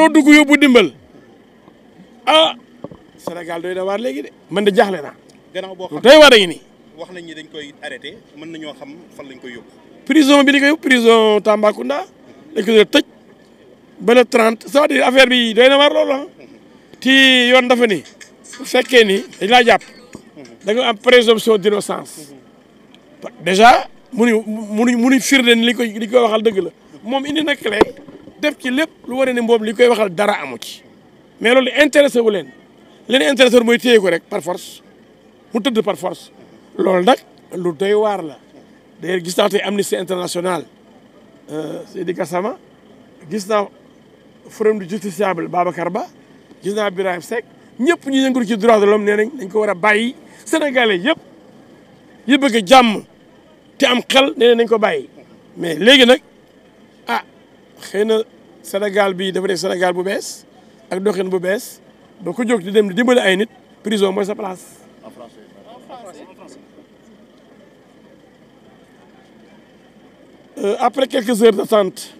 waroo dugg yóbbu dimbal ah Sénégal doy na waar léegi de man de jaaxle naa. gannaaw boo xam doy waar wax nañ ni dañ koy arrêté mën nañoo xam fan lañ koy yóbbu. prison bi li koy prison Tambacounda dañ ko doon tëj ba le 30 cest à affaire bi doy na waar loolu ah. ci yoon dafa ni bu fekkee ni dañ laa jàpp da nga am présomption d'innocence déjà mënuñ mënuñ mënuñ firnde ni li koy li koy waxal dëgg la moom indi na clé. def ci lépp lu war a ne mboom li koy waxal dara amu ci mais loolu intéressé wu leen leen intéressé mooy téye ko rek par force mu tëdd par force loolu nag lu waar la d'ailleurs gis naa tey Amnesty International euh, Seydi Gassama gis naa forum du justiciable Babacar Ba gis naa Birahim Seck ñëpp ñu yëngatu ci droit de l'homme nee nañ dañ ko war a bàyyi sénégalais yëpp yi bëgg jàmm te am xel nee nañ ko bàyyi mais léegi xëy na Sénégal bi dafa nekk Sénégal bu bees ak doxin bu bees doo ko jóg di dem di dimbali ay nit prison mooy sa place. Euh, après quelques heures d'attente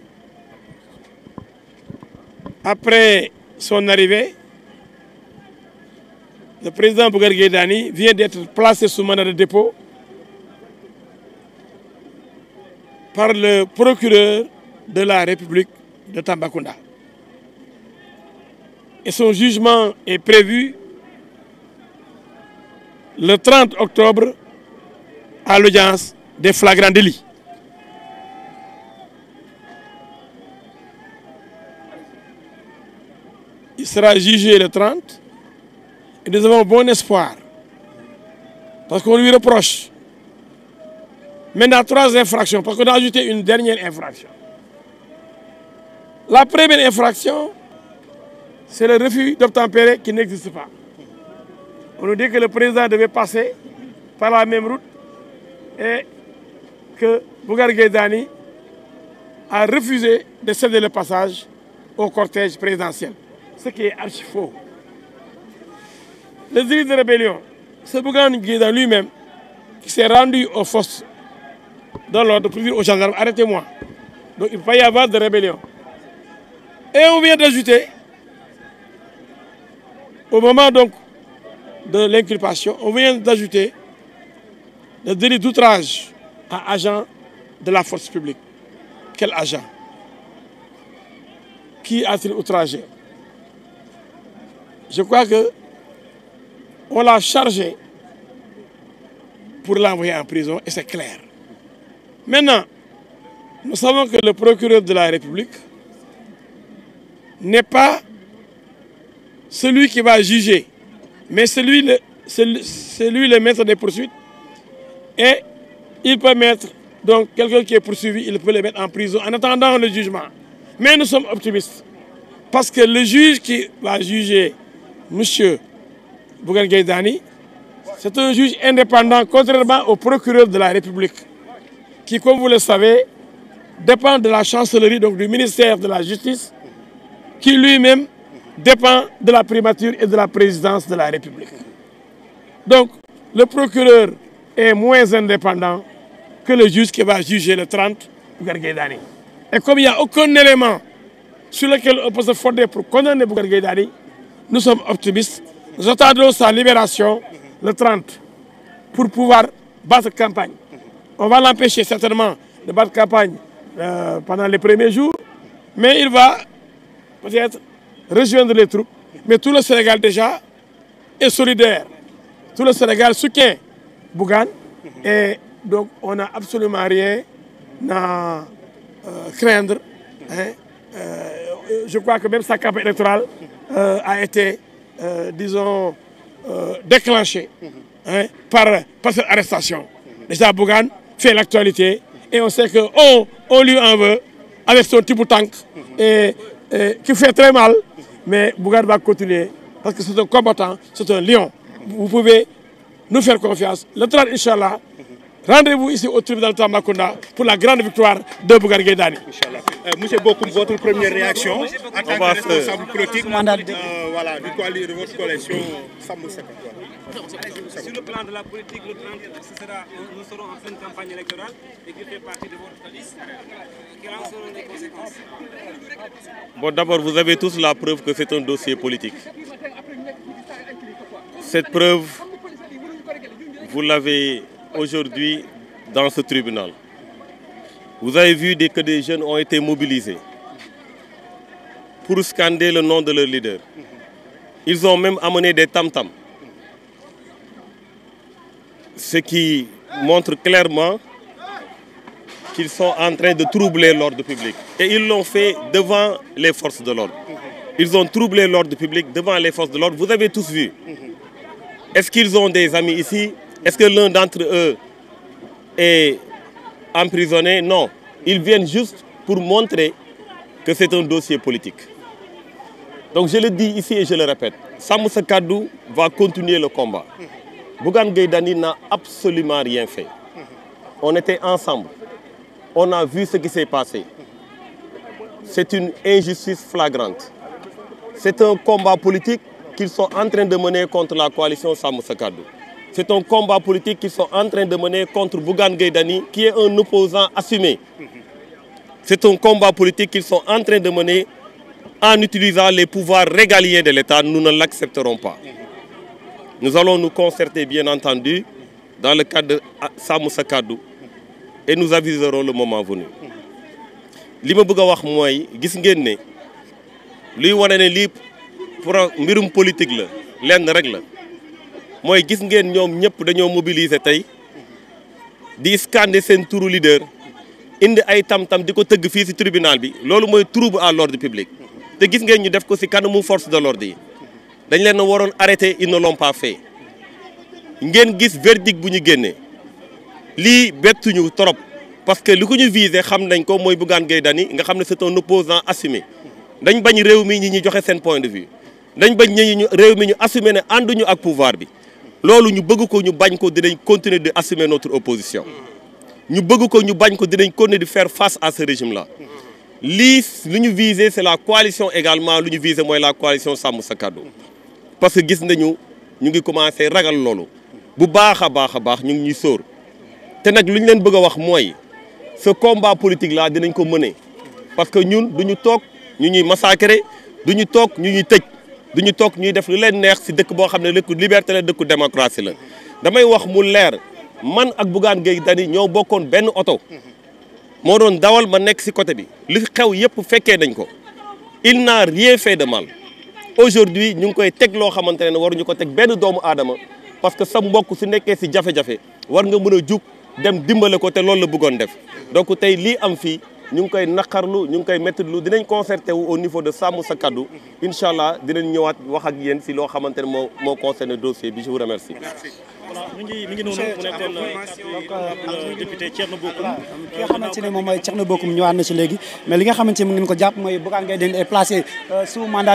après son arrivée le président Bougane Gueye Dany vient d'être placé sous mandat de dépôt par le procureur de la République de Tambacounda. Et son jugement est prévu le 30 octobre à l'audience des flagrants délits. Il sera jugé le 30 et nous avons bon espoir parce qu'on lui reproche maintenant trois infractions parce qu'on a ajouté une dernière infraction. La première infraction, c'est le refus d'obtempérer qui n'existe pas. On nous dit que le président devait passer par la même route et que Bougar Gaydani a refusé de céder le passage au cortège présidentiel, ce qui est archi faux. Les délits de rébellion, c'est Bougar Gaydani lui-même qui s'est rendu aux forces de l'ordre pour aux gendarmes arrêtez-moi. Donc il pas y avoir de rébellion. Et on vient d'ajouter, au moment donc de l'inculpation, on vient d'ajouter le délit d'outrage à agent de la force publique. Quel agent Qui a-t-il outragé Je crois que on l'a chargé pour l'envoyer en prison et c'est clair. Maintenant, nous savons que le procureur de la République n'est pas celui qui va juger, mais celui le, celui, celui le maître des poursuites. Et il peut mettre, donc quelqu'un qui est poursuivi, il peut le mettre en prison en attendant le jugement. Mais nous sommes optimistes. Parce que le juge qui va juger M. Bougan Gaïdani, c'est un juge indépendant, contrairement au procureur de la République, qui, comme vous le savez, dépend de la chancellerie, donc du ministère de la Justice, qui lui-même dépend de la primature et de la présidence de la République. Donc, le procureur est moins indépendant que le juge qui va juger le trente Bougane Gueye Dany. Et comme il n'y a aucun élément sur lequel on peut se fonder pour condamner Bougane nous sommes optimistes. Nous attendons sa libération le trente pour pouvoir battre campagne. On va l'empêcher certainement de battre campagne euh, pendant les premiers jours, mais il va peut-être rejoindre les troupes, mais tout le Sénégal déjà est solidaire. Tout le Sénégal soutient Bougane. Et donc on n'a absolument rien à euh, craindre. Euh, je crois que même sa campagne électorale euh, a été, euh, disons, par, cette arrestation. Déjà Bougane fait l'actualité et on sait que on, lui en veut avec son type tank et qui fait très mal, mais Bougane va continuer parce que c'est un combattant, c'est un lion. Vous pouvez nous faire confiance. Le 30, Inch'Allah, rendez-vous ici au tribunal Tambacounda pour la grande victoire de Bougane Gueye Dany. Inch'Allah. Euh, Monsieur Bokoum, votre première réaction en tant que responsable politique euh, voilà, de, de votre coalition Samm Sa Kàddu Sur le plan de la euh, d'abord, vous avez tous la preuve que c'est un dossier politique. Cette preuve, vous l'avez aujourd'hui dans ce tribunal. Vous avez vu des jeunes ont été mobilisés pour scander le nom de leur leader. Ils ont même amené des tam-tams. ce qui montre clairement qu'ils sont en train de troubler l'ordre public. Et ils l'ont fait devant les forces de l'ordre. Ils ont troublé l'ordre public devant les forces de l'ordre. Vous avez tous vu. Est-ce qu'ils ont des amis ici Est-ce que l'un d'entre eux est emprisonné Non. Ils viennent juste pour montrer que c'est un dossier politique. Donc je le dis ici et je le répète, Samoussa Kadou va continuer le combat. Bougane Gueye Dany n'a absolument rien fait. On était ensemble. On a vu ce qui s'est passé. C'est une injustice flagrante. C'est un combat politique qu'ils sont en train de mener contre la coalition Samm Sa Kaddu. C'est un combat politique qu'ils sont en train de mener contre Bougane Gueye qui est un opposant assumé. C'est un combat politique qu'ils sont en train de mener en utilisant les pouvoirs régaliens de l'État. Nous ne l'accepterons pas. Nous allons nous concerter, bien entendu, dans le cadre Sàmm Sa Kàddu et nous aviserons le moment venu li ma bëgg a wax mooy gis ngeen ne luy wane ne lii pour mbirum politique la lenn rek la mooy gis ngeen ñoom ñëpp dañoo mobiliser tey di scander seen turu leader indi ay tam-tam di ko tëgg fii si tribunal bi loolu mooy trouble à l'ordre public te gis ngeen ñi def ko ci kanamu force de l'ordre yi dañ leen a waroon arrêté ils no l'ont pas ngeen gis verdict bu ñu génnee lii bettuñu trop parce que li ko ñu visé xam nañ ko mooy Bougane Gueye Dany nga xam ne c'est un opposant assumé dañ bañ réew mi ñi ñu joxe seen point de vue dañ bañ ñi ñu réew mi ñu assumé ne ànduñu ak pouvoir bi loolu ñu bëgg ko ñu bañ ko dinañ continuer de assumer notre opposition ñu bëgg ko ñu bañ ko dinañ continuer de faire face à ce régime là lii lu ñu visé c'est la coalition également lu ñu visé mooy la coalition Sàmm Sa Kàddu parce que gis nañu ñu ngi commencé ragal loolu bu baax a baax a baax ñu ngi ñuy sóor te nag lu ñu leen bëgg a wax mooy ce combat politique la dinañ ko mëne parce que ñun du ñu toog ñu ñuy massacrer du ñu toog ñu ñuy tëj du ñu toog ñuy def lu leen neex si dëkk boo xam ne dëkku liberté la dëkku démocratie la damay wax mu leer man ak Bougane Gueye Dany ñoo bokkoon benn oto moo doon dawal ma nekk si côté bi li xew yëpp fekkee nañ ko il n'a rien fait de mal aujourd'hui ñu ngi koy teg loo xamante ne ñu ko teg benn doomu aadama parce que sa mbokk si nekkee si jafe-jafe war nga mën a jug dem dimbale ko te loolu la bëggoon def donc tey li am fii ñu ngi koy naqarlu ñu ngi koy mettitlu dinañ concerté wu au niveau de sàmm sa kaddu incha allah dinañ ñëwaat wax ak yéen si loo xamante ne moo moo concerné dossier bi je vous remercie. voilà mi ngi mi ngi noonu mu nekkoon kàddu euh, député Thierno Bocoum. Euh, ki nga xamante ne moom mooy ñëwaat na si léegi mais li nga xamante ne mu ngeen